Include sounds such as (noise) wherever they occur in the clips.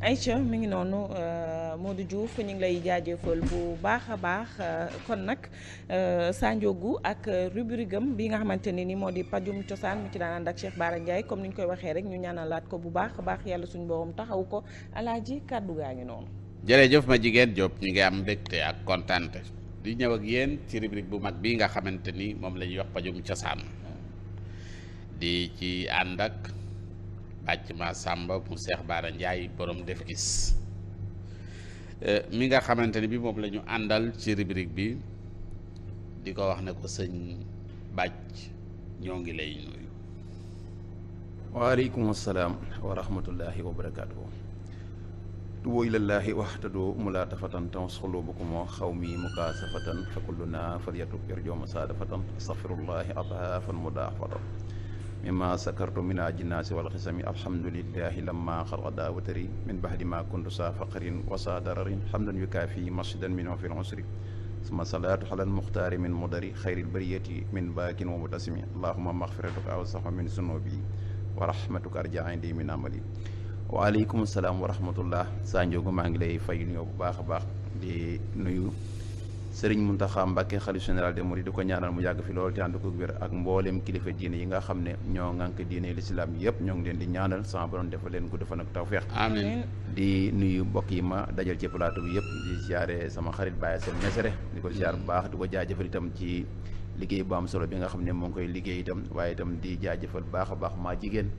ay Aïcha mi ngi noonu euh, Modou Diouf ñu ngi lay jaajëfal bu baax a baax euh, kon nag euh, Sanjogu ak rubrique am bi nga xamante ne ni moo di pajum cosaan mu ci daan ànd ak Cheikh Bara comme ni ñu koy waxee rek ñu ñaanalaat ko bu baax baax yàlla suñu borom taxaw ko alaaji kàddu gaa ngi noonu. jërëjëf ma jigéen Diop ñu ngi am mbégte ak kontaante di ñëw ak yéen ci rubrique bu mag bii nga xamante ni moom la ñuy wax pajum cosaan di ci ànd ak. àcc ma sàmba mu Seex Baara Njaay borom def gis eh, mi nga xamante ni bi moom lañu àndal ci rubrique bi di ko wax ne ko sëñ bàcc ñoo ngi lay nuyu waaleykum assalaam wa rahmatullahi wa barakaatuhu tubu ilallaahi waxtadu mulaa tafatan tans xulubukum wa xawmi mukaasafatan fa kulluna falyatub irjoma saadafatan astaghfirullahi adaafan mudaafatan mimma sakartu min ajinaasi wal xisami alhamdulillahi lamma xalqa daawatari min baxdi ma kuntu saa faqarin wa saa dararin xamdan yukaafi masjidan min fi usri suma salaatu xalal muxtaari min mudari xayril bariyati min baakin wa mutasimi allahuma maxfiratuka awsaxa min sunubi wa rahmatuka arjaindi min amali waaleykum salaam wa rahmatullah saa njóogu maa ngi lay fay nuyoo bu baax a baax di nuyu sëriñ Muntaxa Mbàkke xalif général des mourides di ko ñaanal mu yàgg fi loolu te ànd ko wér ak mbooleem kilifa diine yi nga xam ne ñoo ŋànk diine lislaam yëpp ñoo ngi leen di ñaanal sama borom defal leen gudd fan ak tawfeex amiin di nuyu mbokk yi ma dajal ci plateau bi yëpp di ziare sama xarit Baye Sène Mesere di ko ziar bu baax di ko jaajëfal itam ci liggéey bu am solo bi nga xam ne moo ngi koy liggéey itam waaye itam di jaajëfal baax a baax maa jigéen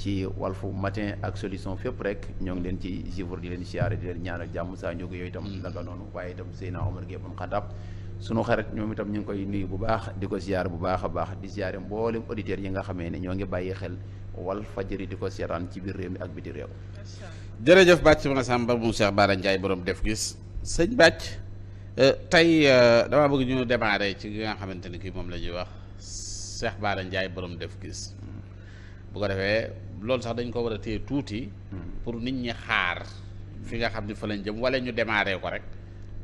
ci fu Matin ak solution fépp rek ñoo ngi leen ci jivor di leen siyaare di leen ñaanal jàmm saa njógu yooyu itam naka mm. noonu waaye itam Seydina Omar Gueye bun Xattaab sunu xarit ñoom itam ñu ngi koy nuyu bu baax di ko ziar bu baax a baax di ziare mboolem auditeurs yi nga xamee ne ñoo ngi bàyyi xel wal fajari di ko seetaan ci biir réew mi ak biti réew. jërëjëf Bàcc ma Samba mu Cheikh Bara njaay borom def gis sëñ Bàcc euh, tey euh, dama bëgg ñu démarrer ci li nga xamante ni kii moom la ñuy wax Cheikh Bara Ndiaye boroom def gis. bu ko defee loolu sax dañ ko war a téye tuuti. Hmm. pour nit ñi xaar fi nga xam ni fa lañ jëm wala ñu démarré ko rek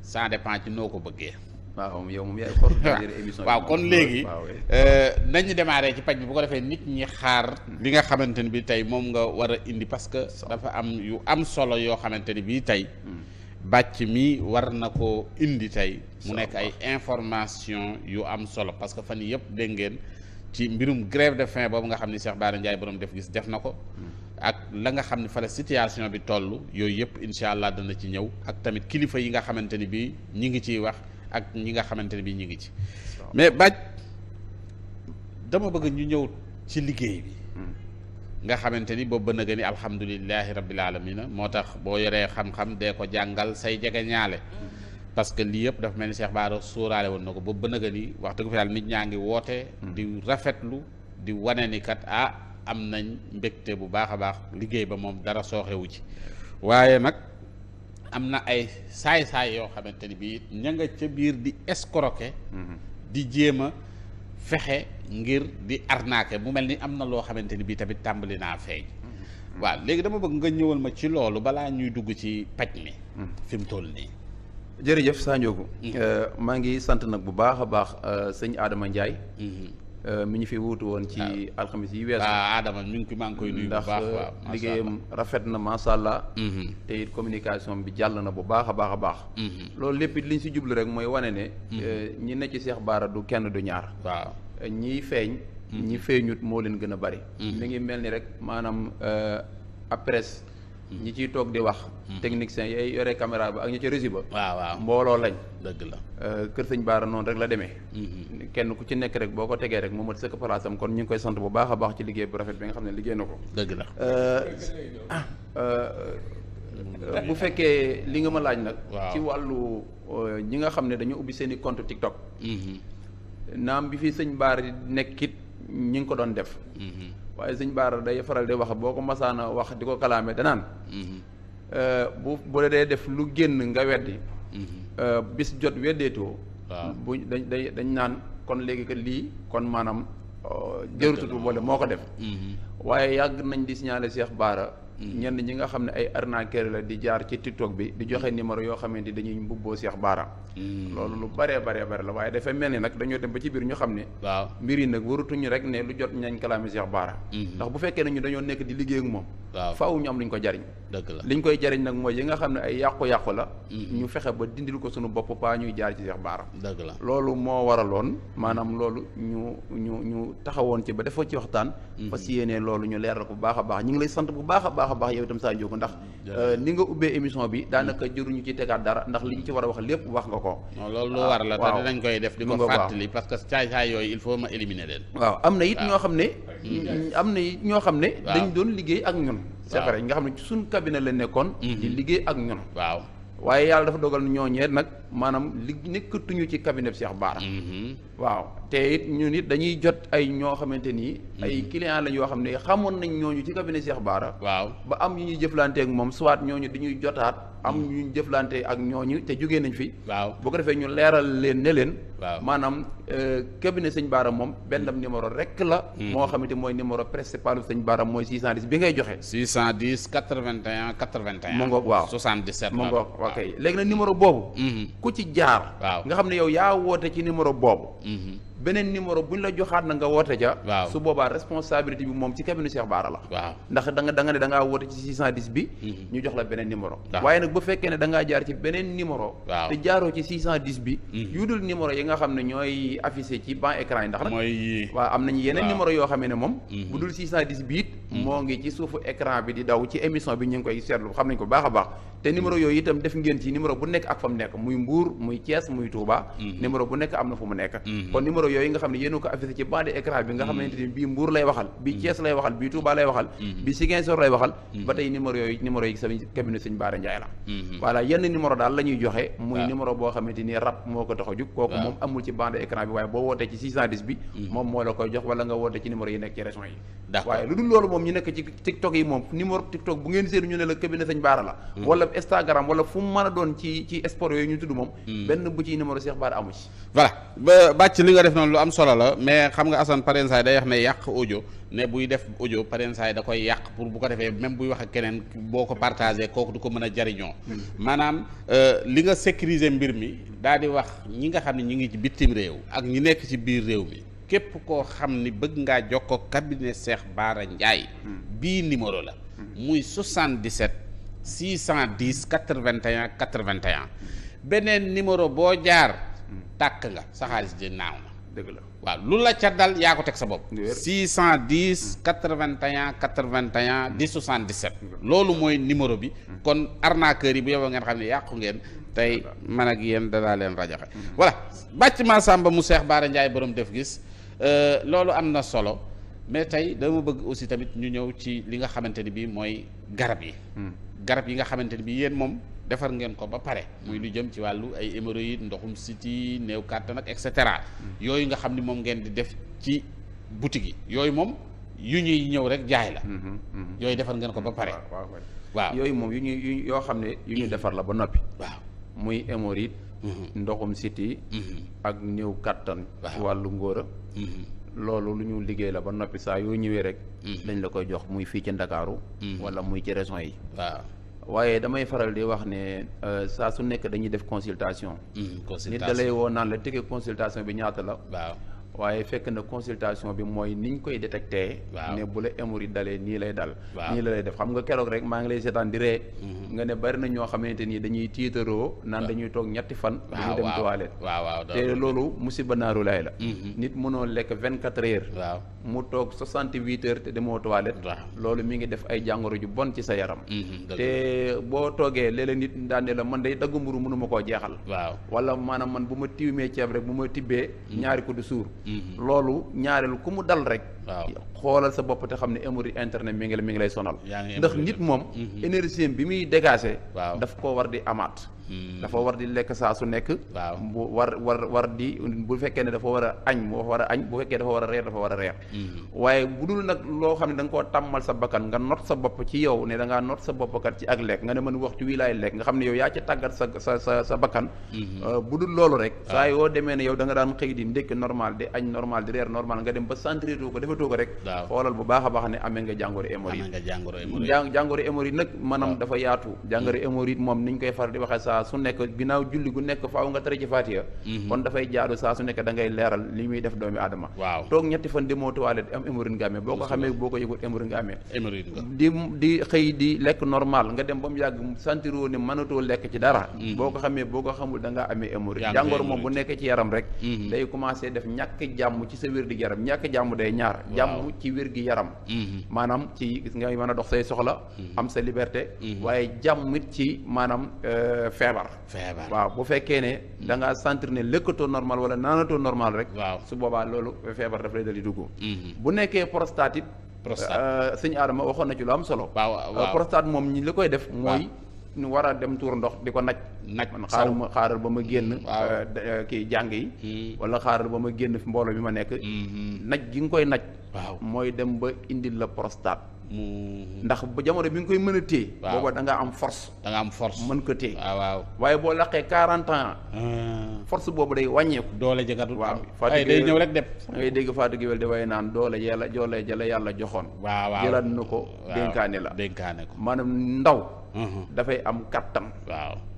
ça dépend ci noo ko bëggee. waaw yow (laughs) kon léegi euh, nañu démarré ci paj bi bu ko defee nit ñi xaar. Hmm. li nga xamante ni bii tey moom nga war a indi parce que. dafa am yu am solo yoo xamante ni bii tey. Hmm. bàcc mi war na ko indi tey. mu nekk ay information yu am solo parce que fan yëpp dégg ngeen. ci mbirum grève de fin boobu nga xam ne Cheikh Bara Ndiaye borom def gis def na ko ak la nga xam ne fa la situation bi toll yooyu yëpp incha allah dana ci ñëw ak tamit kilifa yi nga xamante ni bii ñi ngi ciy wax ak ñi nga xamante ne bii ñi ngi ci mais baaj dama bëgg ñu ñëw ci liggéey bi nga xamante ni boobu ba na rabbi alhamdulilahi rabbil alamina moo tax boo yoree xam-xam dee ko jàngal say jege ñaale parce que lii yëpp dafa mel ni Cheikh Bara sóoraale woon na ko boobu ba nëga ni wax dëgg fa yàlla nit ñaa ngi woote. Hmm. di rafetlu di wane ni kat ah am nañ mbégte bu baax a baax liggéey ba moom dara sooxewu ci waaye nag am na ay saay-saay yoo xamante ni bii ña nga ca biir di escroquer. Hmm. di jéem a fexe ngir di arnaquer bu mel ni am na loo xamante ni bii tamit tàmbali naa feeñ. Hmm. waaw léegi dama bëgg nga ñëwal ma ci loolu balaa ñuy dugg ci paj mi. fi mu toll nii. jërëjëf Sanjoogu mm-hmm. euh, maa ngi sant nag bu baax a baax euh, sëñ aadama Ndiaye. Mm-hmm. Euh, mi ñu fi wuutu woon ci ah. alxamis yi weesu. ah Adama mi ngi maa ngi koy nuyu bu baax waaw liggéeyam rafet na macha allah. Mm-hmm. te it communication bi jàll na bu baax a baax a baax. loolu lépp li ñu si jublu rek mooy wane ne. ñi ne ci Cheikh Bara du kenn du ñaar. waaw ñiy feeñ. ñi feeñut moo leen gën a bari. mi ngi mel ni rek maanaam après. Mm. ñi ciy toog di wax. Mm. techniciens yi yore caméra ba ak ñi ci régie ba. waaw waaw mbooloo lañ. dëgg la euh, kër sëñ baar noonu rek la demee. Mm-hmm. kenn ku ci nekk rek boo ko tegee rek moom mat sëkk place kon ñu ngi koy sant bu baax a baax ci liggéey bu rafet bi nga na ko. Euh, ah, euh, bu fekkee li nga ma laaj nag. ci wàllu ñi nga xam ne dañu ubbi seen i compte TikTok. Mm-hmm. naam bi fi sëñ Baara nekkit ñi ngi ko doon def. Mm-hmm. waaye sëñ Baara day faral di wax boo ko masaana wax di ko kalaame danaan mhm. euh, bu bu la dee def lu génn nga weddi mhm. euh, bis jot weddeetoo bu dañ dañ dañ naan kon léegi que lii kon maanaam euh, jërutu boole moo ko def mhm. waaye yàgg nañ di signaler Cheikh Baara ñenn ñi nga xam ne ay arnaqueur la di jaar ci TikTok bi di joxe numéro yoo xamante dañuy mbubboo seex Bara mm. loolu lu baree baree bari la waaye dafa mel ni nag dañoo dem ba ci biir ñu xam ne waaw mbir yi nag warutuñu rek ne lu jot ñañ kalaami Cheikh Bara mm-hmm. ndax bu fekkee ne ñu dañoo nekk di liggéey ak moom waaw faaw ñu am lu ñu ko jariñ dëgg la li ñu koy jariñ nag mooy yi nga xam ne ay yàqu-yàqu la mm-hmm. ñu fexe ba dindil ko suñu bopp paa ñuy jaar ci Cheikh Bara dëgg la loolu moo waraloon maanaam loolu ñu ñu ñu taxawoon ci ba defoo ci waxtaan mm-hmm. fas yéene loolu ñu leeral ko bu baax a baax ñu ngi lay sant bu baax a baax a baax yow itam sa jógu ndax euh, ni nga ubbee émission bi mm-hmm. daanaka jëruñu ci tegaat dara ndax li ñu ci war a wax lépp wax nga ko loolu lu ah, war la te dinañ koy def di ko fàttali parce que caay-caay il faut ma éliminer leen waaw am na it ñoo xam ne am na ñoo xam ne dañ doon liggéey ak ñun c'est nga xam ne ci suñ cabinet la nekkoon mhm. di liggéey ak ñun waaw waaye yàlla dafa dogal ñooñee nag maanaam li nekkatuñu ci cabinet Cheikh Bara mhm. waaw te it ñun it dañuy jot ay ñoo xamante nii mhm. ay client lañ yoo xam ne xamoon nañ ñooñu ci cabinet Cheikh baara waaw ba am ñu ñuy jëflante ak moom soit ñooñu dañuy jotaat am ñu jëflante ak ñooñu te jógee nañ fi waaw boo ko defee ñu leeral leen ne leen maanaam cabinet euh, sëñ Baara moom benn numéro rek la. Hmm. moo xamante mooy numéro principal sëñ Baara mooy 610 bi ngay joxe. 610 81 81. mu ngoog waaw 77. mu ngoog ok léegi nag numéro boobu. Hmm. ku ci jaar. nga xam ne yow yaa woote ci numéro boobu. Hmm. beneen numéro bu ñu la joxaat na nga woote ca. waaw su boobaa responsabilité bi moom ci cabinet Cheikh Bara la. waaw ndax da nga da nga ne da ngaa woote ci 610 bi. Mm-hmm. ñu jox la beneen numéro. waaye nag bu ne da jaar ci beneen numéro. waaw te jaaroo ci bi. Mm-hmm. yu dul numéro yi nga xam ne ñooy affiché ci ban écran yi ndax nag. waa waaw am nañu yeneen numéro yoo xam ne moom. Mm-hmm. bu dul 610 bi it. moo ngi ci suufu écran bi di daw ci émission bi ñu ngi koy seetlu xam nañ ko baax a baax. te numéro yooyu itam def ngeen ci numéro bu nekk ak fa mu nekk muy Mbour muy Thiès muy Touba. Mhm. numéro bu nekk am na fu mu nekk. Mhm. kon numéro yooyu nga xam ne yéen ko affiché ci bande écran bi nga mhm. xamante ni bii Mbour lay waxal bii Thiès lay waxal bii Touba lay waxal. bii Ziguinchor lay waxal. ba tey numéro yooyu numéro yi sa cabinet Sëñ Bara Ndiaye la. voilà yenn numéro daal la ñuy joxe. muy numéro boo xamante ni rab moo ko tax a jug. kooku moom amul ci bande écran bi waaye boo wootee ci 610 bi. moom moo la koy jox wala nga woote ci numéro yi nekk ci région yi. waaye lu dul loolu moom ñu nekk ci TikTok yi moom numéro TikTok bu ngeen seenu ñu ne la cabinet Sëñ Bara la Instagram wala fu mu mën a doon ci ci sport yooyu ñu tudd moom. Hmm. benn bu ci numéro Cheikh Bara amu ci. voilà ba bàcc li nga def noonu lu am solo la mais xam nga Assane parensaay day wax ne yàq ojo ne buy def ojo audio parensaay da koy yàq pour bu ko defee même buy wax ak keneen boo ko partagé kooku du ko mën a jariñoo. Hmm. maanaam euh, li nga sécuriser mbir mi daal di wax ñi nga xam ne ñi ngi ci bitim réew ak ñi nekk ci biir réew mi. képp koo xam ni bëgg ngaa jokkoo cabinet Cheikh Bara Ndiaye. Hmm. bii numéro la. muy 77. 610 81 81 beneen numéro boo jaar tàkk nga sa xaalis ji naaw na. dëgg la waaw lu la ca dal yaa ko teg sa bopp. 610 81 81 di 77. loolu mooy numéro bi. kon arnaqueur yi bu yow ngeen xam ne yàqu ngeen. tey man ak yéen danaa leen rajaxe voilà bàcc ma Samba mu seex Bara Ndiaye boroom def gis euh, loolu am na solo mais tey dama bëgg aussi tamit ñu ñëw ci li nga xamante ni bii mooy garab yi. Hmm. garab yi nga xamante ne bi yéen moom defar ngeen ko ba pare muy lu jëm ci wàllu ay hémorroïdes ndoxum siti néew kàttan ak et cetera yooyu nga xam ni moom ngeen di def ci boutique yi yooyu moom yu ñuy ñëw rek jaay la mhm, mhm. yooyu defar ngeen ko ba pare waaw yooyu moom yu ñuy yoo xam ne yu ñuy defar la ba noppi waaw muy hémorroïde mhm. ndoxum siti ak néew kàttan ci wàllu ngóora loolu lu ñu liggéey la ba noppi saa yooyu ñëwee rek dañ la koy jox muy fii ci Ndakaaru wala muy ci yi waaye damay faral di wax ne euh, saa su nekk dañuy def consultation. Hmm, consultation nit da lay naan la tege consultation bi ñaata la. waaw waaye fekk na consultation bi mooy ni ñu koy détecté. ne bu la hémorroïde dalee nii lay dal. nii la lay def xam nga keroog rek maa ngi lay seetaan di ree hmm. nga ne bari na ñoo xamante ni dañuy tiitaroo. naan dañuy toog ñetti fan. dañuy dem toilette. waaw waaw te loolu musiba naaru laay la. Hmm, nit mënoo lekk vingt quatre heures. mu toog soixante huit heures te demoo toilette. loolu mi ngi def ay jàngoro ju bon ci sa yaram. Mhm, te boo toogee léeg-léeg nit daane la man day dagg mburu mënuma koo jeexal. waaw wala maanaam man bu ma tiwmee ceeb rek bu ma tibbee. Mhm. ñaari ko du suur. Mhm. loolu ñaareel ku mu dal rek. waaw xoolal sa bopp te xam ne émori internet mi ngi lay sonal ndax nit moom mhm. énergie bi muy dégager daf ko war di amaat mhm. dafa war di lekk saa su nekk waaw bu war war war di bu fekkee ne dafa war a añ mu war a añ bu war a reer dafa mhm. loo xam ne da nga koo tàmmal sa bakkan nga not sa bopp ci yow da ngaa not sa bopp kat ci ak lekk ne mën waxtu wii laay lekk nga ne yow yaa ci tàggat sa sa sa sa bakkan euh, bu dul loolu rek saa yoo demee ne yow da nga daan xëy di ndékk normal di añ normal di reer normal nga dem ba centriroo ko defatoo ko rek xoolal bu baax a baax ne amee nga jàngoro hémorroïde jàngoro hémorroïde nag maanaam dafa yaatu jàngoro mm. hémorroïde moom niñ koy faral di waxee saa su nekk ginnaaw julli gu nekk faaw nga tere ci faatiya mm-hmm. kon dafay jaadu saa su nekk da ngay leeral li muy def doomi aadama amee boo ko xamee boo ko yëgul hémorroïde nga amee di di xëy di lekk normal nga dem ba mu yàgg sentiroo ne mënatoo lekk ci dara mm-hmm. boo ko xamee boo ko xamul da ngaa amee hémorroïde jàngoro moom bu nekk ci yaram rek mm-hmm. day commencé def ñàkk jàmm ci sa wér di yaram ñàkk jàmm day ñaar jàmm ci wér gi yaram mhm. maanaam ci gis nga mën a dox say soxla mhm. am sa liberté mhm. waaye jàmm it ci maanaam euh, feebar feebar waaw bu fekkee ne da ngaa ne lëkkatoo normal wala naanatoo normal rek waaw su boobaa loolu feebar daf lay dal di dugg bu nekkee prostate it prostate euh, sëñ Adama waxoon na ci lu am solo waaw euh, prostate moom ñi li koy def mooy ñu war a dem tuur ndox di ko naj naj man xaaral ma xaaral ba ma génn kii jàng yi wala xaaral ba ma génn fi mbooloo bi ma nekk naj gi nga koy naj waaw mooy dem ba indi la prostate. Mm-hmm. ndax ba jamono bi nga koy mën a téye. waaw booba da nga am force. da nga am force mën ko téye. waaw waaye boo laqee quarante ans. Ah. force boobu day wàññeeku. doole jëkkatu waaw ay day ñëw rek dem. ngay dégg Fatou Gueye da way naan doole yàlla doole jële yàlla joxoon. waaw waaw jëlaat na ko. dénkaane la dénkaane ko maanaam ndaw. Mm-hmm. dafay am kattan.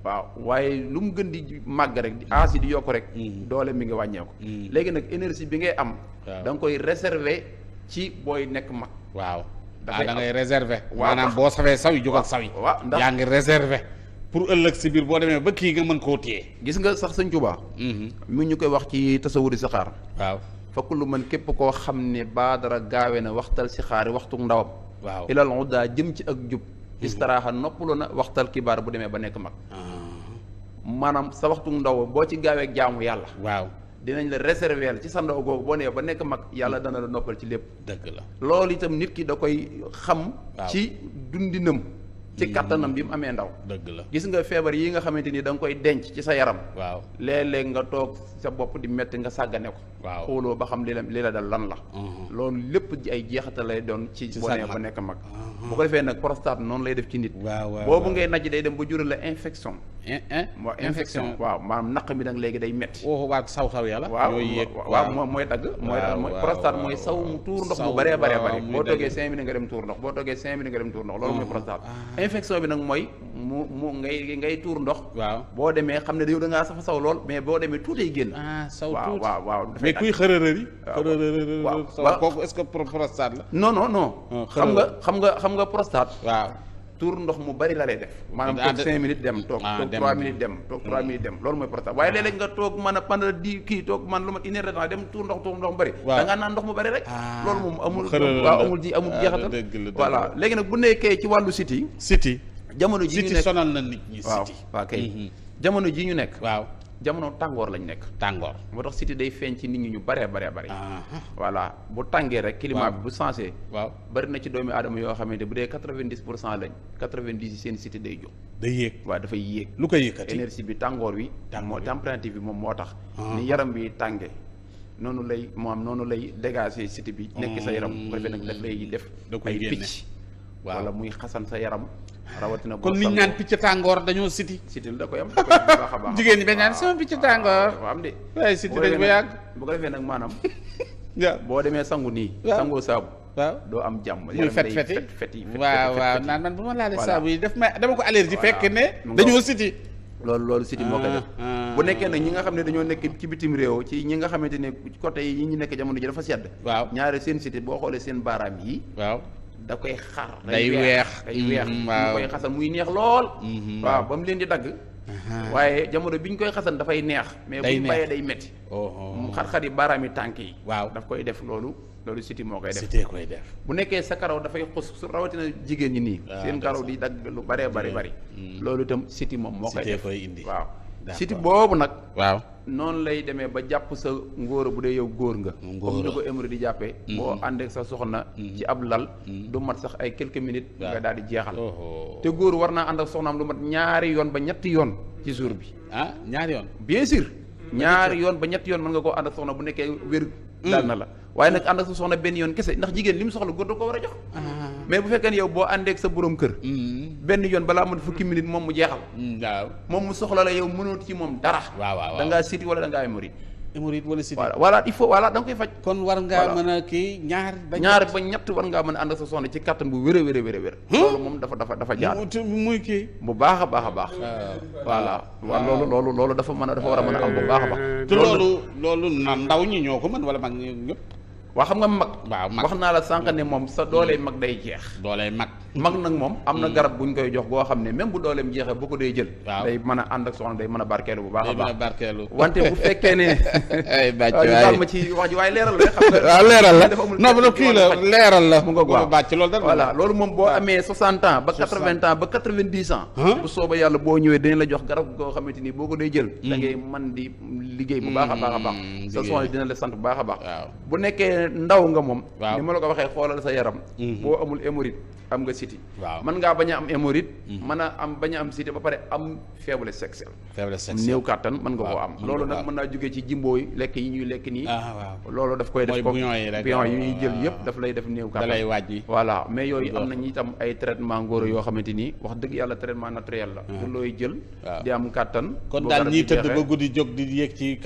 waaw waaye lu mu gën di màgg rek di yokk rek. Mm-hmm. doole mi nga wàññeeku. léegi nag énergie bi ngay am. da koy réserver. ci booy nekk mag. waaw ah da ngay réserver. waaw maanaam boo sawee saw yi jógal saw yi. waaw ndax yaa ngi réserver. pour ëllëg si biir boo demee ba kii nga mën koo téye. gis nga sax sañ juba mu ñu koy wax ci tasawuri saxaar. waaw fakk lu man képp koo xam ne baa dara gaawe na waxtal si xaari waxtu ndawam. waaw ilal daa jëm ci ak jub. Mm-hmm. istiraaxa noppalu na waxtal kibaar bu demee ba nekk mag. Ah. maanaam sa waxtu ndaw boo ci gaawee jaamu yàlla. waaw dinañ la réserver ci sa ndaw googu boo nee ba nekk mag yàlla mm. dana la noppal ci lépp. dëgg la loolu itam nit ki da koy xam. ci dundinam. ci mm. kattanam bi mu amee ndaw. dëgg la gis nga feebar yi nga xamante ni da nga koy denc ci sa yaram. waaw léeg-léeg nga toog sa bopp di metti nga sàggane ko. waaw xooloo ba xam li la li la dal lan la. Mm-hmm. loolu lépp ay jeexatal lay doon. ci boo nee ba nekk mag. Mm-hmm. bu ko defee nag prostate noonu lay def ci nit. waaw waaw boobu ngay najj day dem ba jural la infection. Eh, eh. infection waaw maanaam naq mi nag léegi day metti waaw saw saw yàlla waaw waaw moom mooy dagg mooy mooy prostate mooy saw mu tuur ndox mu bëree bëree bëri boo toogee cinq dem tuur ndox boo toogee cinq oh, ah. bi nag mooy mu mu ngay ngay tuur ndox waaw boo demee xam ne yow da ngaa safa saw lool mais boo demee tuutay génn ah, saw tuuti waaw waaw mais kuy xërërëri xërërëri saw kooku est-ce que prostate la non non xam nga xam nga xam nga prostate waaw tour ndox mu bari la lay def. maanaam ah, toog 5 minutes dem toog. Ah, toog 3 minutes dem toog 3 hmm. minutes dem loolu mooy problème waaye léeg-léeg nga toog mën a pendant di kii toog man lu mat une heure de temps dem tour ndox tour ndox mu bari. da nga naan ndox mu bari rek. Ah. loolu moom amul waaw amul ji amul jeexatal voilà léegi nag bu nekkee ci wàllu site yi. site jamono ji ñu nekk site sonal na nit ñi site. waaw kay hmm, hmm. jamono ji ñu nekk waaw jamono tàngoor lañ nekk. tàngoor moo tax cité day feeñ ci nit ñi ñu baree baree bare. voilà bu tàngee rek. climat bi bu sensé. waaw bari na ci doomi aadama yoo xamante bu dee quatre vingt dix pour cent lañ quatre vingt dix seen cité day jóg. day yéeg waaw dafay yéeg. lu koy yëkkati énergie bi tàngoor wi. tàngoor wi bi moom moo tax. ni yaram bi tàngee. noonu lay moom noonu lay dégager cité bi. nekk sa yaram bu ko defee nag daf lay def. da koy ay picc. waaw la muy xasan sa yaram. rawatina boo comme ni ñu naan picc tàngoor dañoo siti. sitil da koy am (laughs) a baax. jigéen ñi dañ naan sama picc tàngoor. dafa am de. waaye siti dañ ko yàgg. bu nag maanaam. (laughs) waaw boo demee sangu nii. sangoo saabu. waaw doo am jàmm. muy fet fet fet yi waaw waaw naan man bu ma laalee saabu yi daf ma dama ko allergie fekk ne. dañoo siti. loolu loolu siti moo koy ah, ah. nekkee nag ñi nga xam ne dañoo nekk ci bitim réew ci ñi nga xamante ne côté yi ñu nekk jamono ji dafa sedd. waaw ñaare seen siti boo xoolee seen baaraam yi. waaw da koy xar. day weex day weex mm-hmm, waaw koy xasan muy neex lool. Mm-hmm, waaw ba mu leen di dagg. Uh-huh. waaye jamono bi ñu koy xasan dafay neex. mais bu ñu bayee day metti mu xar-xar yi baaraam yi tànk yi. waaw daf koy def loolu. loolu siti moo koy def siti koy def. bu nekkee sa karaw dafay xus su rawatina jigéen ñi nii. Ah, seen karaw di dagg lu baree bari bari. Mm-hmm. loolu itam siti moom moo koy def siti koy indi waaw. siti boobu nag. waaw noonu lay demee ba jàpp sa ngóor bu dee yow góor nga. comme ni ko émeri di jàppee. Mm-hmm. boo àndeek sa soxna. Mm-hmm. ci ab lal. Mm-hmm. du mat sax ay quelques minutes. nga daal di jeexal. te góor war naa ànd ak am lu mat ñaari yoon ba ñetti yoon ci jour bi. ah ñaari yoon. bien sûr. ñaari yoon ba ñetti yoon mën nga koo ànd ak soxna bu nekkee wér. Mm. daal na la waaye nag ànd ak sa soxna benn yoon kese ndax jigéen li mu soxla góor da ko war a jox. Ah. mais bu fekkee ne yow boo àndeek sa borom kër. benn yoon balaa mën fukki minute moom mu jeexal. Mm, waaw moom mu soxla la yow mënoot ci moom dara. waaw waaw da ngaa siti wala da ngaa hémorroïde. hémorroïde wala siti. voilà il faut voilà da koy faj. kon war ngaa mën a kii ñaar. ba ñaar ba ñett war ngaa mën a ànd sa soxna ci kattan bu wér a wér a wér a loolu moom dafa dafa dafa jaar. muy kii. bu baax a baax a baax. Ah. waaw loolu loolu loolu dafa mën a dafa war a mën a am bu baax a baax. te loolu loolu na ndaw ñi ñoo ko mën wala mag ñëpp waa xam nga mag. wax naa la sànq moom sa doolee mag day jeex. doolee mag mag nag moom. am na mm. garab bu ñu koy jox goo xam ne même bu dooleem jeexee bu ko day jël. day mën a ànd ak soxna day mën a ma (laughs) ci wax ji waaye la xam nga. (laughs) waaw leeral la non non kii la leeral la. mu nga waaw bàcc loolu dara. voilà loolu moom boo amee 60 ans ba 80 ans ba ans. bu sooba yàlla boo ñëwee dinañ la jox garab goo xamante ni boo ko day jël. da mm. ngay man di liggéey bu baax a baax a baax. Mm, sa soxna dina la sant bu baax a baax bu nekkee ne ndaw nga moom. waaw ni ma la ko waxee xoolal sa yaram. Mhm. boo amul hémorroïde am nga cité. waaw ngaa bañ a am hémorroïde. Mhm. mën a am bañ a am cité ba pare am faiblesse sexuelle. faiblesse sexuelle néew kàttan mën nga koo am. loolu nag mën naa jógee ci jimbo yi lekk yi ñuy lekk nii. Ah, loolu daf koy def ko mooy bouillon yi ñuy jël ah. yëpp daf lay def néew kàttan. da lay wàññi voilà mais yooyu am nañu itam ay traitement ngóoro yoo xamante ni wax dëgg yàlla traitement naturel la. du ah. looy jël. di am kàttan. kon daal ñiy tëdd ba guddi jóg di yéeg ci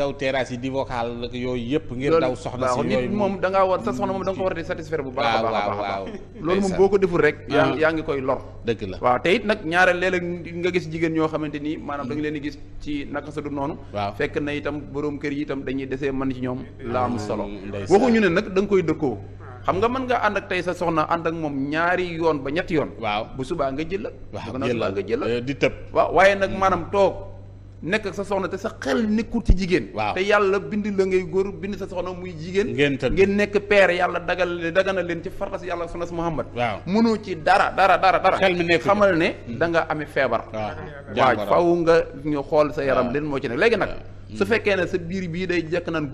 danga ngaa war sa soxna moom da nga ko war di satisfaire bu baax a baax a baax loolu moom boo ko deful rek yaa ah. yaa ngi koy lor dëgg la waaw te it nag ñaareel léeg-léeg nga gis jigéen ñoo xamante nii maanaam danga leen di gis ci naka sa du noonu fekk na itam boroom kër yi itam dañuy desee man ci ñoom la am mm, solo waxuñu ne nag da koy dëkkoo xam nga mën nga ànd ak tey sa soxna ànd ak moom ñaari yoon ba ñetti yoon waaw bu subaa nga jël la bu subaa nga jël la eh, di tëb waaw waaye nag mm. maanaam toog nekk sa soxna te sa xel nekkul ci jigéen. waaw te yàlla bind la ngay góor bind sa soxna muy jigéen. ngeen ngeen nekk père yàlla dagal dagana leen ci fartas yàlla sunas Muhammad. waaw mënoo ci dara dara dara dara. xel mi nekk xamal ne mm. danga nga amee feebar. waaw waaw nga ñu xool sa yaram leen moo ci nekk léegi nag. su fekkee ne sa biir bii day jekk naan.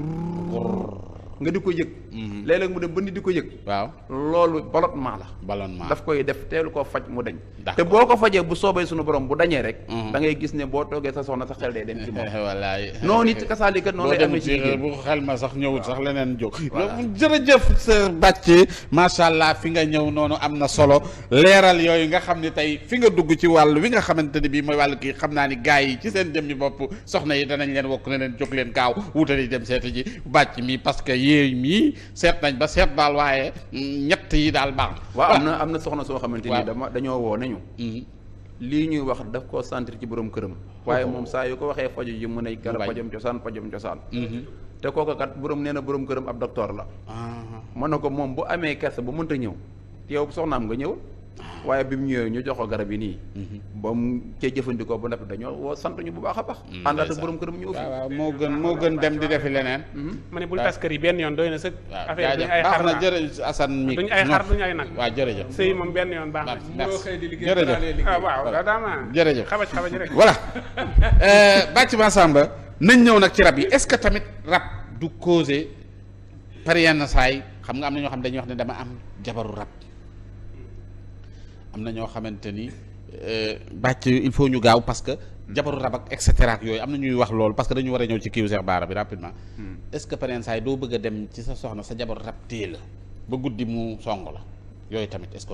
nga di ko yëg. Mhm. léeg-léeg mu dem ba nit di ko yëg. waaw loolu ballonnement la. ballonnement daf koy def teelu koo faj mu dañ. te boo ko fajee bu soobee sunu borom bu dañee rek. Mhm. da ngay gis ne boo toogee sa soxna sa xel de dem ci moom. (laughs) wallaay noonu it kasaalika noonu lay amee ci bu xel ma sax ñëwut sax leneen jóg. jërëjëf Sër Bàcce macha allah fi nga ñëw noonu am na solo leeral yooyu nga xam ne tey fi nga dugg ci wàll wi nga xamante ne bii mooy wàllu kii xam naa ni gars yi ci seen jëm yi bopp soxna yi danañ leen wokk ne leen jóg leen gaaw wutali yéey mii seet nañ ba seet daal waaye ñett yi daal baax waaw am na am na soxna soo xamante ni dama dañoo woo nañu mm-hmm. lii ñuy wax daf koo sentir ci borom këram waaye mm-hmm. moom saa yu ko waxee faju ji mu ne kara fajam cosaan fajam cosaan mm-hmm. te kooku kat borom nee na borom këram ab docteur la ah. mën na ko moom bu amee kersa bu mënta ñëw yow soxnaam nga ñëw waaye bi mu ñëwee ñu jox ko garab yi nii. Mhm. ba mu cee jëfandikoo ba noppi dañoo woo sant ñu bu baax a baax. Mm, ànd ak borom këram ñu. waaw waaw moo gën moo gën dem di defi leneen. Mhm. ma ne bul tas kër yi benn yoon doy na sëg. affaire duñu ay xar baax na jërëjëf Assane mi duñu ay xar duñu ay nag. waaw jërëjëf sëy moom benn yoon baax na. merci jërëjëf ah waaw daanaka. jërëjëf xabaj xabaj rek. voilà bàcc euh, ba Samba nañ ñëw nag ci rab yi est-ce que tamit rab du causer par yenn saay xam nga am na ñoo xam dañuy wax ne dama am jabaru rab am na ñoo xamante ni euh, bàcc il faut ñu gaaw parce que jabaru rab ak et cetera yooyu am na ñuy wax lool parce que dañu war a ñëw ci kiiwu Cheikh Bara bi rapidement hmm. est ce que parents saa yi doo bëgg a dem ci sa soxna sa jabaru rab téye la ba guddi mu song la yooyu tamit est ce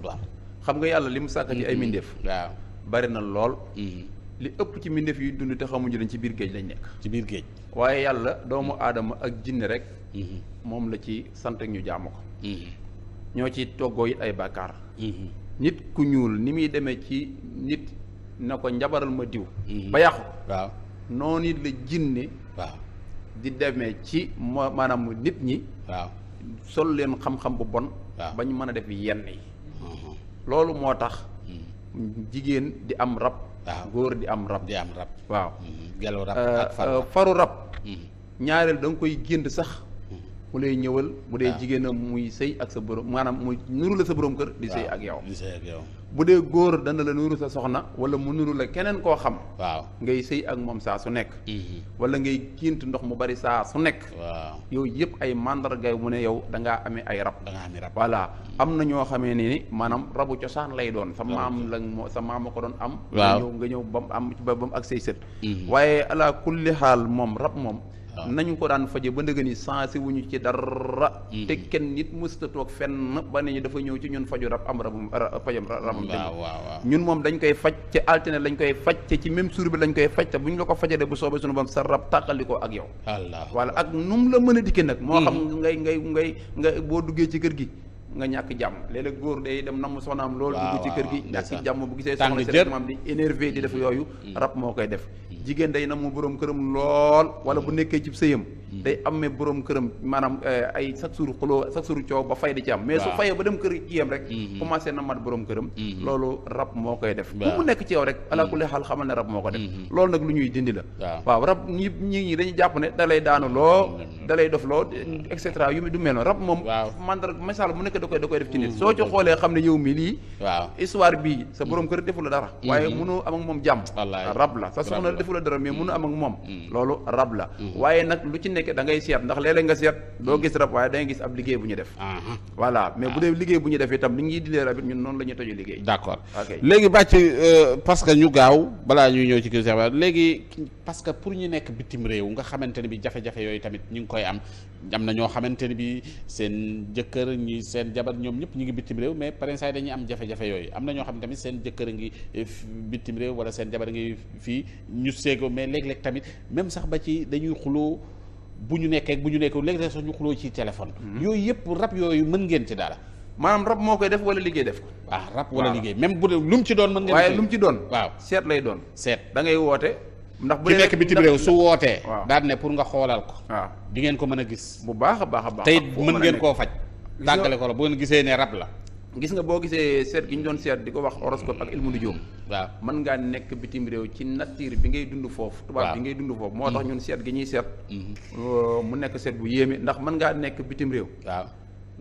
xam nga yàlla li mu sàkk ci ay hmm. mbindeef waaw bari na lool hmm. li ëpp ci mbindeef yuy dund te xamuñu dañ ci biir géej lañ nekk ci biir géej waaye yàlla doomu aadama ak jinne rek moom la ci sant ak ñu jaamu ko ñoo ci toggoo ay bàkkaar nit ku ñuul ni muy demee ci nit ne ko njabaral ma diw mhm. ba yàqu waaw noonu la jinne waaw di demee ci moo maanaam nit ñi waaw sol leen xam-xam bu bon ba ñu mën a def yenn yi mhm. loolu moo tax mhm. jigéen di am rab góor di am rab di am rab waaw euh, euh, faru rab ñaareel da koy gént sax ku lay ñëwal bu dee ah. jigéenam muy sëy ak sa borom maanaam muy nuru la sa borom kër di sëy ah. ak yow di sëy yow bu dee góor dana la nuru sa soxna wala mu nuru la keneen koo xam waaw ngay sëy ak moom saa su nekk mhm. wala ngay kiintu ndox mu bari saa su nekk waaw yooyu yëpp ay mandargay mu ne yow da ngaa amee ay rab da mhm. am na ñoo xame ni maanaam rabu cosaan lay doon sa maam la sa maam a ko doon am nga ñëw nga ñëw am ba bam ak say sët mhm. waaye ala xaal moom rab moom nañu ko daan faje ba ndëgëni sensé wuñu ci dara mm-hmm. te kenn nit mësta toog fenn ba ne ñu dafa ñëw ci ñun faju rab am rabum fajam rabam ñun moom dañ koy faj ci altine lañ koy faj te ci même suur bi lañ koy faj te bu ñu la ko fajalee bu soobee suñu bam sa rab tàqalikoo ak yow walla ak nu mu la mën a dikke nag moo xam mm-hmm. ngay ngay ngay nga boo duggee ci kër gi nga ñàkk jàmm léeg-léeg góor day dem namm soxnaam loolu dugg ci kër gi ñàkk jàmm bu gisee soxna si maam di énervé di def yooyu mm. rab moo koy def mm. jigéen day namm boroom këram lool wala bu nekkee ci sëyam day am mais borom këram maanaam eh, ay chaque xuloo chaque coow ba fay di ci am mais su fayee ba dem kër ci yem rek mm-hmm. commencé na mat borom këram mm-hmm. loolu rab moo koy def bu mu nekk ci yow rek alaakulli mm-hmm. xaal xamal ne rab moo ko def loolu nag lu ñuy dindi ñi ñi ñi dañuy da lay daanu loo da lay dof loo et cetera yu du mel noonu rab moom mandar misaal mu nekk da koy da koy def ci nit soo ci xoolee xam ne yow mi lii waaw histoire bii sa borom kër defu la dara waaye mënoo am ak moom jàmm rab la sa soxna defu la dara mais mënoo am ak moom loolu rab la waaye nag lu ci nekk nekk da ngay seet ndax léeg-léeg nga seet doo gis rab waaye da gis ab liggéey bu ñu def uh-huh. voilà ah. mais bu dee liggéey bu ñu def itam li ñuy dindee rab it ñun noonu la ñuy liggéey d'accord léegi bàcc euh, parce ñu gaaw balaa ñuy ñëw ci kii sax pour ñu nekk bitim réew nga xamante ne bi jafe-jafe yooyu tamit ñu ngi koy am am na ñoo xamante ne bi seen jëkkër ñi seen jabar ñoom ñëpp ñu ngi bitim réew mais par exemple dañuy am jafe-jafe yooyu am na ñoo xam ne tamit seen jëkkër a ngi eh, bitim réew wala seen jabar a ngi fii ñu seego mais léeg-léeg tamit même sax ba ci dañuy xuloo bu ñu nekkee bu ñu nekkul léegi sax ñu xuloo ci téléphone. Mhm. yooyu yëpp rab yooyu mën ngeen ci dara. maanaam rab moo koy def wala liggéey def ko. ah rab wala liggéey même bu dee lu mu ci doon mën ngeen. waaye lu mu ci doon. waaw seet lay doon. seet da ngay woote. ndax bu nekk bitim réew su wootee. waaw ne pour nga xoolal ko. waaw di ngeen ko mën a gis. bu baax a baax a baax tey mën ngeen koo faj. tàggale ko la bu ngeen gisee ne rab la gis nga boo gisee seet gi ñu doon seet di ko wax horoscope ak ilmu nujum waaw man ngaa nekk bitim réew ci nature bi ngay dund foofu tubaab bi ngay dund foofu moo tax ñun seet gi ñuy seet mm-hmm. euh, mu nekk seet bu yéeme ndax mën ngaa nekk bitim réew waaw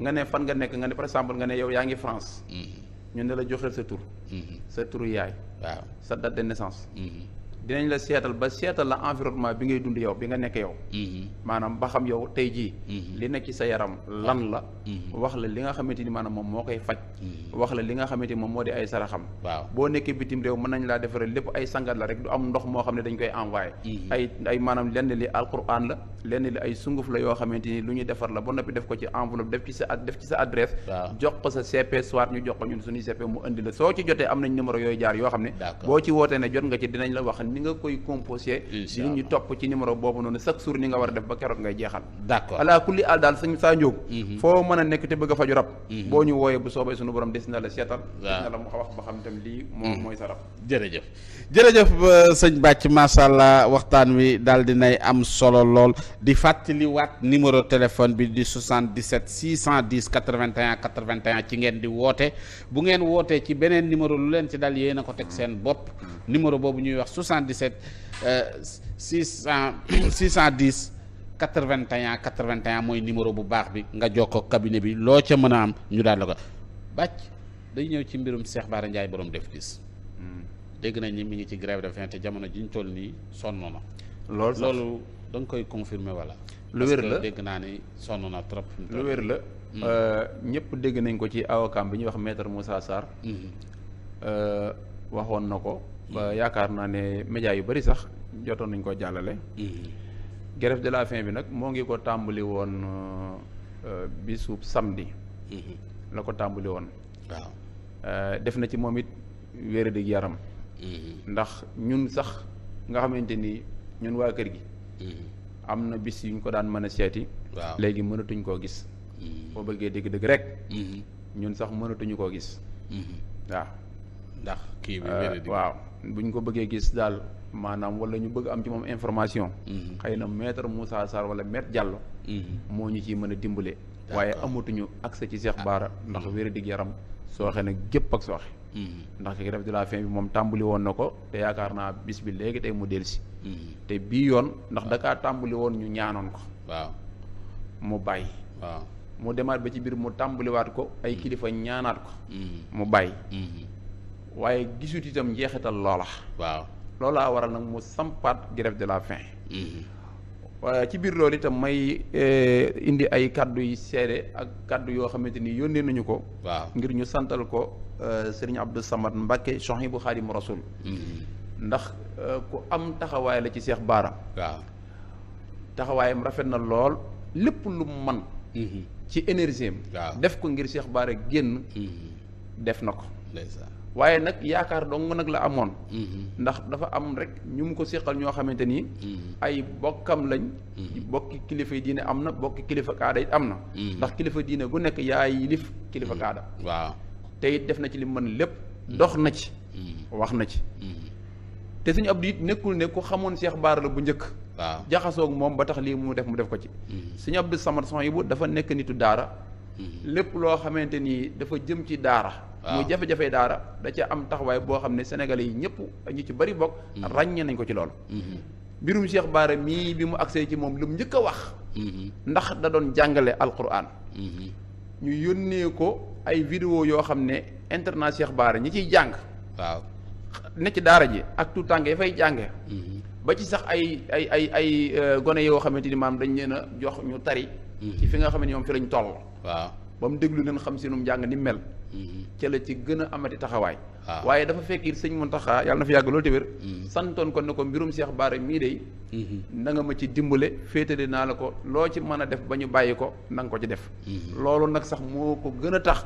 nga ne fan nga nekk nga ne par exemple nga ne yow yaa ngi France mm-hmm. ñu ne la joxeel sa tur mm-hmm. sa turu yaay waaw sa date de naissance dinañ la seetal ba seetal la environnement bi ngay dund yow bi nga nekk yow. Mhm. maanaam ba xam yow tey jii. Mhm. li nekk ci sa yaram lan la. Mhm. wax la li nga xamante ni maanaam moom moo koy faj. wax la li nga xamante ni moom moo di ay saraxam. waaw boo nekkee bitim réew mën nañ laa defaree lépp ay sangat la rek du am ndox moo xam ne dañ koy envoyé. ay ay maanaam lenn li al alquran la lenn li ay sunguf la yoo xamante ni lu ñu defar la ba noppi def ko ci enveloppe def ci sa def ko sa CP soit ñu jox ko la soo ci jotee am nañ numéro jaar yoo xam ne. boo ci wootee ne jot nga ni nga koy composé si nit topp ci numéro boobu noonu chaque jour ni nga war a def ba keroog ngay jeexal d'accord ala kulli àll daal sëñ saa mhm. foo mën a nekk te bëgg a faju rab mhm. boo ñu wooyee bu soobee suñu borom des na la seetal des na la mu wax ba xam tam lii moom mhm. mooy sa rab jërëjëf jërëjëf sañ Bàcc macha allah waxtaan wi daal dinay am solo lool di waat numéro téléphone bi di 77 610 81 81 ci ngeen di woote bu ngeen wootee ci beneen numéro leen ci dal yéen a ko teg seen bopp numéro boobu ñuy 77 600 610 81 81 mooy numéro bu baax bi nga jox ko cabinet bi loo ca mën a am ñu daal la ko bàcc day ñëw ci mbirum Cheikh Bara Ndiaye boroom def gis hmm. dégg nañ ni mi ngi ci grève de fin te jamono ji ñu toll nii sonn na. lool loolu da nga koy confirmer wala. lu wér la dégg naa ni sonn na trop. lu wér la. Hmm. Euh, ñëpp dégg nañ ko ci avocat bi ñuy wax maître Moussa Sarr. Hmm. Euh, waxoon na ko. ba yaakaar naa ne médias yu bëri sax jotoon nañ ko jàllale. Mm-hmm. grève de la fin bi nag moo ngi ko tàmbali woon euh, bisu samedi. Mm-hmm. la ko tàmbali woon. waaw euh, def na ci moom it wér-dig yaram. Mm-hmm. ndax ñun sax nga xamante ni ñun waa kër gi. am na bis yu ñu ko daan mën a seeti. waaw léegi mënatuñ koo gis. boo bëggee dëgg-dëgg rek. ñun sax mënatuñu koo gis. waaw. ndax kii bi euh, waaw. buñ ko bëggee gis daal maanaam wala ñu bëgg am ci moom information. Mm-hmm. xëy na maître Moussa Sarr wala maître Diallo. Mm-hmm. moo ñu ciy mën a dimbale. waaye amatuñu accès ci Cheikh Bara ah. ndax wér-dig yaram sooxe na gépp ak sooxe. Mm-hmm. ndax grève de la faim bi moom tàmbali woon na ko te yaakaar naa bis bi léegi tey mu dellusi. te bii yoon ndax ah. dakaa tàmbali woon ñu ñaanoon ko. waaw mu bàyyi. mu demaat ba ci biir mu tàmbaliwaat ko ay kilifa ñaanaat ko. mu bàyyi. waaye gisut itam njeexital loola. waaw loolaa waral nag mu sampaat grève de la faim. Mm-hmm. ci biir loolu itam may eh, indi ay kàddu yi seede ak kaddu yoo xamante ni yónnee nañu ko. waaw ngir ñu santal ko eh, sëriñ Abdou Samad Mbacke Sohibu Xaadimu Rasul. Mm-hmm. ndax eh, ku am taxawaay la ci Seex Baara. waaw taxawaayam rafet na lool lépp lu mu man mm-hmm. ci énergie am. def ko ngir Seex Baara génn. def na ko. waaye nag yaakaar dong nag la amoon. Mhm. ndax dafa am rek ñu mu ko séqal ñoo xamante ni. Mhm. ay bokkam lañ. Mhm. bokki kilifa yi diine am na bokki kilifa kaada it am na. ndax kilifa diine gu nekk yaay yilif kilifa kaada. waaw te it def na ci li mën lépp dox na ci. wax na ci. te suñu abdu it nekkul ne ku xamoon Cheikh Baara bu njëkk. waaw jaxasoog moom ba tax lii mu def mu def ko ci. suñu abdu samad son yi bu dafa nekk nitu daara. Mm-hmm. lépp loo xamante ni dafa jëm ci daara. muy jafe-jafe daara da ca am taxawaay boo xam ne sénégalais yi ñëpp ñu ci bari bokk. Mm-hmm. ràññee nañ ko ci lool mm-hmm. mbirum Cheikh Bara mii bi mu agsee ci moom lu mu njëkk a wax. ndax da doon jàngale alquran. ñu yónnee ko ay vidéo yoo xam ne internat Cheikh Bara ñi ciy jàng. waaw ne ci daara ji ak tout tànk ya fay jànge ba ci sax ay ay ay ay euh, gone yoo xamante ni maam dañ leen a jox ñu tari. ci fi nga xam ne ñoom fi lañ toll. waaw ba mu déglu leen xam nu seenum njàng ni mel mm-hmm. ca la ci gën a amati taxawaay waaye dafa fekk it tax Muntaxa yàlla na fi yàgg loolu te wér mm-hmm. santoon ko ne ko mbirum Cheikh Bara mii day mm-hmm. na nga ma ci dimbale féetale naa la ko loo ci mën a def ba ñu bàyyi ko nanga ko ci def loolu nag sax moo ko gën a tax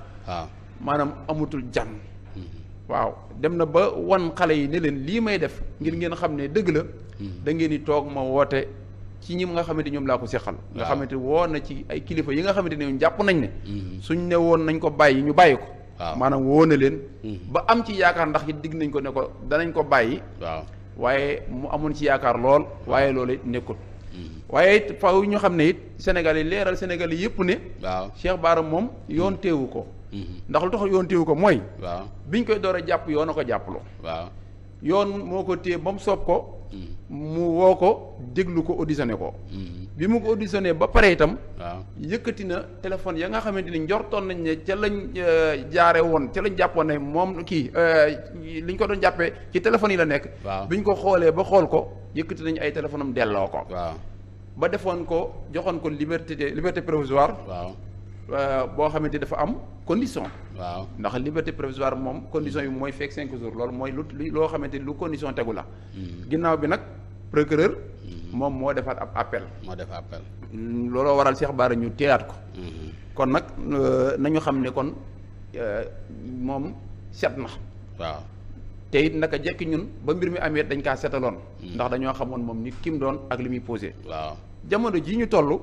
maanaam amutul jàmm waaw dem na ba wan xale yi ni leen lii may def ngir ngeen xam ne dëgg la da ngeen di toog ma woote ci ñi nga xamante ñoom laa ko seqal nga xamante woo na ci ay kilifa yi nga xamante ne jàpp nañ ne mm-hmm. suñ ne woon nañ ko bàyyi ñu bàyyi ko maanaam woo na leen mm-hmm. ba am ci yaakaar ndax it digg nañ ko ne ko danañ ko bàyyi waaye mu amoon ci yaakaar lool waaye loolu nekkul mm-hmm. waaye it faw ñu xam ne it Sénégal yi leeral Sénégal yi yëpp ne waaw baaram moom yoon teewu ko ndax lu tax yoon teewu ko mooy waaw biñ koy door a jàpp yoon a ko jàppaloo waaw yoon moo ko téye ba mu soob ko mu woo ko déglu ko auditionné ko. Mm-hmm. bi mu ko auditionné ba pare itam. waaw yëkkati na téléphone ya nga xamante ni njortoon nañ ne ca lañ euh, jaare woon ca lañ jàppoon ne moom kii euh, liñ ko doon jàppee ci téléphone yi la nekk. waaw ñu ko xoolee ba xool ko yëkkati nañ ay téléphone am delloo ko. waaw ba defoon ko joxoon ko liberté liberté provisoire. waaw. Euh, boo xamante dafa am condition. waaw ndax liberté provisoire moom condition yi mooy fekk cinq jours loolu mooy lu loo xamante ni lu condition tegu la. Hmm. ginnaaw bi nag procureur. Hmm. moom moo defaat ab appel. moo def appel. looloo waral seex Bara ñu teeyaat ko. Hmm. kon nag euh, nañu xam ne kon euh, moom set na. waaw te it naka jekki ñun ba mbir mi amee dañ kaa setaloon. ndax dañoo xamoon moom nit ki mu doon ak li muy posé. waaw jamono jii ñu toll.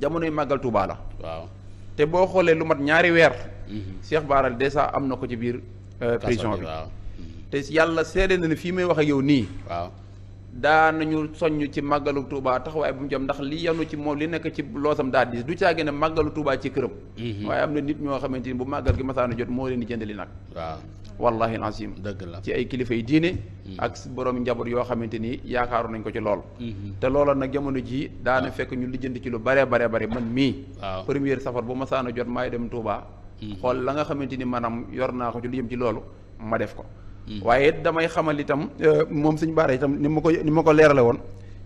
jamonoy màggal Tuubaa la. waaw. te boo xoolee lu mat ñaari weer. Mhm. Cheikh Bara déjà am na ko ci biir. Euh, prison bi te yàlla seede na ne fii may wax ak yow nii. waaw daanañu soññ ci màggalu Touba taxawaay bu mu jëm ndax li yanu ci moom li nekk ci loosam daa diis du caage ne màggalu Touba ci këram. Mhm. waaye am na nit ñoo xamante ni bu màggal gi masaana jot moo leen di jëndali nag. waaw wallahi azim dëgg la ci ay kilifa yi diine hmm. ak boroom njaboot yoo xamante ni yaakaaru nañ ko ci lool hmm. te looloon nag jamono jii daana ah. fekk ñu lijjanti ci lu bare bare bare man mii première safar bu ma saana jot maay dem Touba hmm. xool la nga xamante ni maanaam yor naa ko ci lu jëm ci loolu ma def ko waaye damay xamal itam euh, moom suñu baara itam ni ma ko ni ma ko leerale woon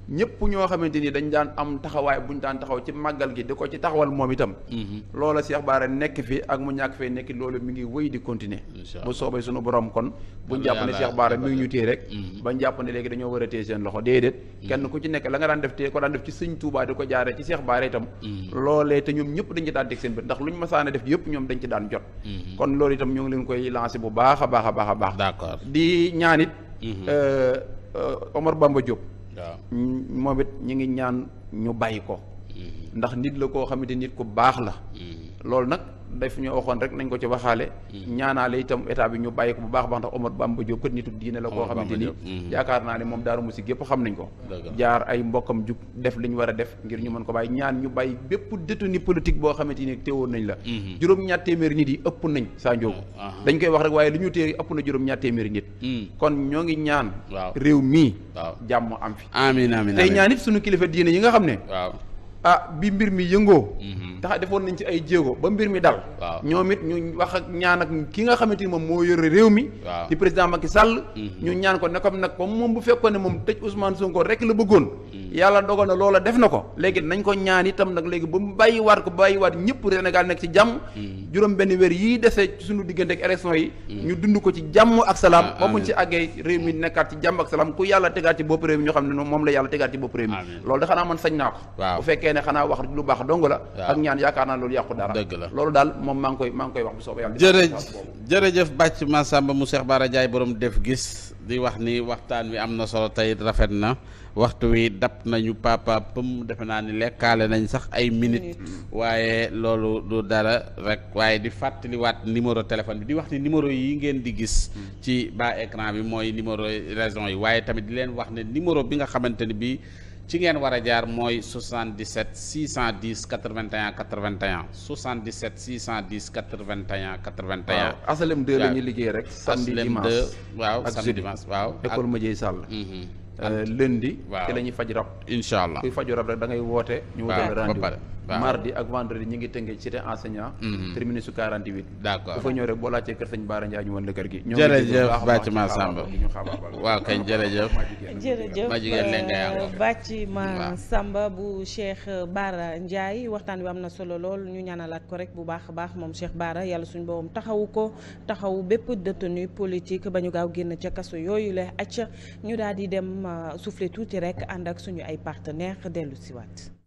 ñëpp ñoo xamante ni dañu daan am taxawaay bu ñu daan taxaw ci màggal gi di ko ci taxawal moom itam. Mhm. loola Cheikh Bara nekk fi ak mu ñàkk fee nekk loolu mi ngi wéy di continuer. bu soobee suñu borom kon. bu ñu jàpp ne Cheikh ngi ñu téye rek. Mhm. ba ñu léegi dañoo war a téye seen loxo déedéet. Mhm. kenn ku ci nekk la nga daan def téye ko daan def ci sëñ Touba di ko jaaree ci Cheikh Bara tam loolee te ñoom ñëpp dañ ci daan teg seen bët ndax lu ñu masaana def yëpp ñoom dañ ci daan jot. kon loolu itam ñoo ngi leen koy lancé bu baax a baax a baax a baax. d'accord di ñaanit euh, euh, Omar Bamba Diop moom it ñu ngi ñaan ñu bàyyi ko. Mm-hmm. ndax nit la koo xamante nit ku baax la. Mm-hmm. loolu nag daf ñu waxoon rek nañ ko ci waxaale hmm. ñaanaale itam état bi ñu bàyyi ko bu baax baax ndax Omar Bamba Diop kat nitu diine la koo xamante ni hmm. yaakaar naa ne moom daaru musi gépp xam nañ ko jaar ay mbokkam jug def li ñu war a ngir ñu mën ko bàyyi ñaan ñu bàyyi bépp détenu politique boo xamante ni woon nañ la hmm. juróom-ñaar téeméeri nit yi ëpp nañ saa njoogu dañ koy wax rek waaye li ñu téer yi ëpp na juróom-ñaar téeméeri nit kon ñoo ngi ñaan réew mii jàmm am fi amiin amiin tey ñaan suñu kilifa diine yi nga xam ne ah bi mbir mi yëngoo. Mhm. tax defoon nañ ci ay jéego ba mbir mi dal. ñoom it ñu wax ak ñaan ak ki nga xamante ni moom moo yore réew mi. di président Macky Sall. Mhm. ñu ñaan ko ne comme nag comme moom bu fekkoon ne moom tëj Ousmane Sonko rek la bëggoon. Mhm. yàlla dogal na loola def na ko. léegi nañ ko ñaan itam nag léegi ba mu bàyyiwaat ko bàyyiwaat ñëpp Sénégal nekk ci jàmm. juróom benn weer yii dese ci diggante ak élection ñu dund ko ci jàmm ak salaam. Ah, ba mu ci àggee réew mi nekkaat ci jàmm ak salaam ku yàlla tegaat moom la yàlla tegaat ci bopp réew mi loolu da xanaa man sañ naa ko bu fekkee fekkee ne xanaa wax lu baax dong la ak ñaan yaakaar naa loolu yàqu dara dëgg la loolu daal moom maa ngi koy maa ngi koy jërëj jërëjëf bàcc Massamba mu Cheikh Bara Ndiaye def gis di wax ni waxtaan wi am na solo tey rafet na waxtu wi dab nañu papa pëm defe naa ni lekkaale nañ sax ay minutes waaye loolu du dara rek waaye di fàttaliwaat numéro téléphone bi di wax ni numéro yi ngeen di gis hmm. ci bas écran bi mooy numéro raison yi waaye tamit di leen wax ne numéro bi nga xamante bi ci ngeen war a jaar mooy 77 610 81 81 77 610 81 81. waaw asalem 2 la ñuy liggéey rek. samedi dimanche asalem 2 waaw samedi dimanche waaw. école Madiaye Sall. Mhm. Euh, lundi. waaw ci la ñuy faj rab. incha allah kuy faju rab rek da ngay woote. ñu wutal rendez mardi ak vendredi ñu ngi tënge cité enseignant terminé su 48 d'accord ku fa ñëw rek boo laajtee kër sëñ Baara Ndiaye ñu wan la kër gi jërëjëf Bàcc Ma Samba waaw kañ jërëjëf jërëjëf ma jigéen leen nga Bàcc Ma Samba bu Cheikh Baara Ndiaye waxtaan wi am na solo lool ñu ñaanalaat ko rek bu baax a baax moom Cheikh Baara yàlla suñu boobam taxawu ko taxaw bépp détenu politique ba ñu gaaw génn ca kaso yooyu la acca ñu daal di dem euh, suufle tuuti rek ànd ak suñu ay partenaires dellu siwaat